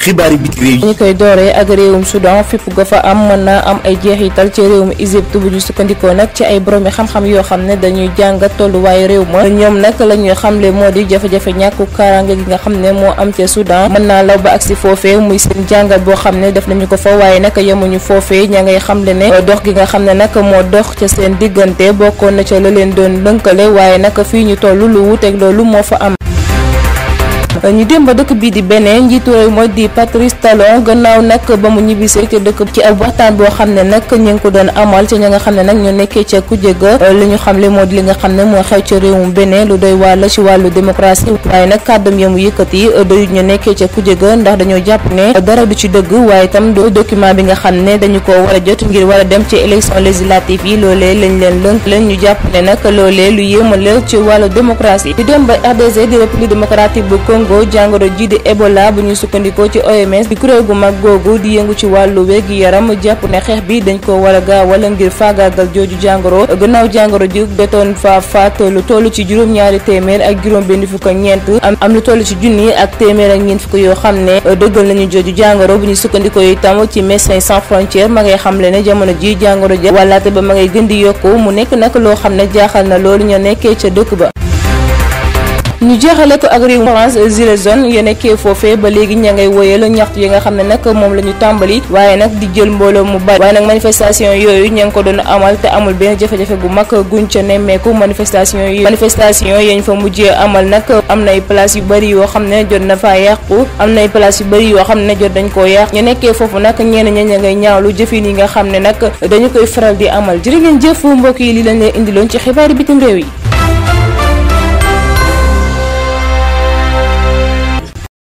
xibaari biti réew ñu koy dooree ak réewum Soudan fipp ga fa am mën naa am ay jeexital ci réewum Égypte bu ñu sukkandikoo nag ci ay boroomi xam-xam yoo xam ne dañuy jàngat waaye réew ma ñoom nag la ñuy xamle moo di jafe-jafe ñàkku kaaraange gi nga xam ne moo am ca Soudan mën naa la ba ak si foofee muy seen jàngat boo xam ne def nañu ko fa waaye nag yemuñu foofee ña ngay xamle ne dox gi nga xam ne nag moo dox ca seen diggante bokkoon na ca la leen doon lënkale ñu dem ba dëkk bi di beneen njiitu réew mooy di Patrice Talon gannaaw nag ba mu ñibbisee ci dëkk ci ab waxtaan boo xam ne nag ñu ngi ko doon amal ci ñi nga xam ne nag ñu nekkee ca kujje ga ñu xam le moo di li nga xam ne moo xew ci réewum beneen lu doy waar la ci wàllu démocratie waaye nag kàddam ya mu yëkkati doyu ñu nekkee ca kujje ga ndax dañoo jàpp ne dara du ci dëgg waaye itam do document bi nga xam ne dañu ko war a jot ngir war a dem ci élection législative yi loole lañ leen lënk lañ ñu jàpp ne nag loolee lu yéema la ci wàllu démocratie di dem ba RDC di république làmboo jàngoro ji di Ebola bu ñu sukkandikoo ci OMS di kuréel gu mag googu di yëngu ci wàllu wérgu yaram jàpp ne xeex bi dañ ko war a gaawal ngir faagaagal jooju jàngoro gannaaw jàngoro ji betoon fa faat lu toll ci juróom-ñaari téeméer ak juróom benn fukk ak ñeent am lu toll ci junni ak téeméer ak ñeent fukk yoo xam ne euh, dëggal nañu jooju jàngoro bu ñu sukkandikoo itam ci Médecins sans frontières ma ngay xamle ne jamono ji jàngoro ja wàllaate ba ma ngay gën di yokku mu nekk nag loo xam ne jaaxal na loolu ña nekkee ca dëkk ba ñu jeexale ko ak réew France gilets jaunes ya nekkee foofee ba léegi ña ngay woyal ñaxtu yi nga xam ne nag moom la ñu tàmbali waaye nag di jël mbooloo mu bari waaye nag manifestation yooyu ña ngi ko amal te amul benn jafe bu mag guñ ca nemmeeku yi manifestation yañ fa mujjee amal nag am nay place yu bëri yoo xam ne jot na faa yàqu am nay place yu bëri yoo xam ne jot dañ koo yàq ñu nekkee foofu nag ñenn ña ña ngay ñaawlu jëfin yi nga xam ne nag dañu koy faral di amal jërë ngeen jëf mbokk yi li lañ leen indiloon ci xibaari bitim réew yi